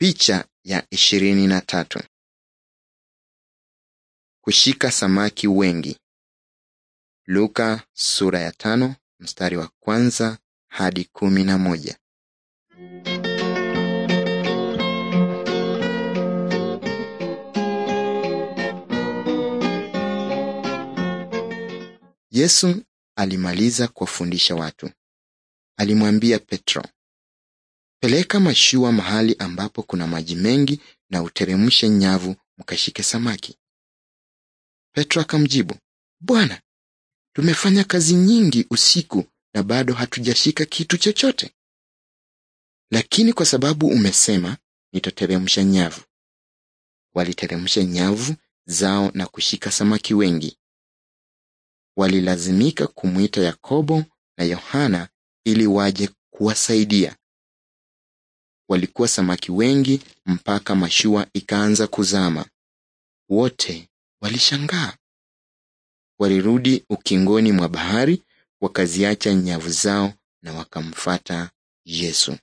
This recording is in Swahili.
Picha ya ishirini na tatu. Kushika samaki wengi. Luka sura ya tano mstari wa kwanza hadi kumi na moja. Yesu alimaliza kuwafundisha watu. Alimwambia Petro, Peleka mashua mahali ambapo kuna maji mengi na uteremshe nyavu mkashike samaki. Petro akamjibu, Bwana, tumefanya kazi nyingi usiku na bado hatujashika kitu chochote. Lakini kwa sababu umesema, nitateremsha nyavu. Waliteremsha nyavu zao na kushika samaki wengi. Walilazimika kumwita Yakobo na Yohana ili waje kuwasaidia walikuwa samaki wengi mpaka mashua ikaanza kuzama. Wote walishangaa. Walirudi ukingoni mwa bahari, wakaziacha nyavu zao na wakamfata Yesu.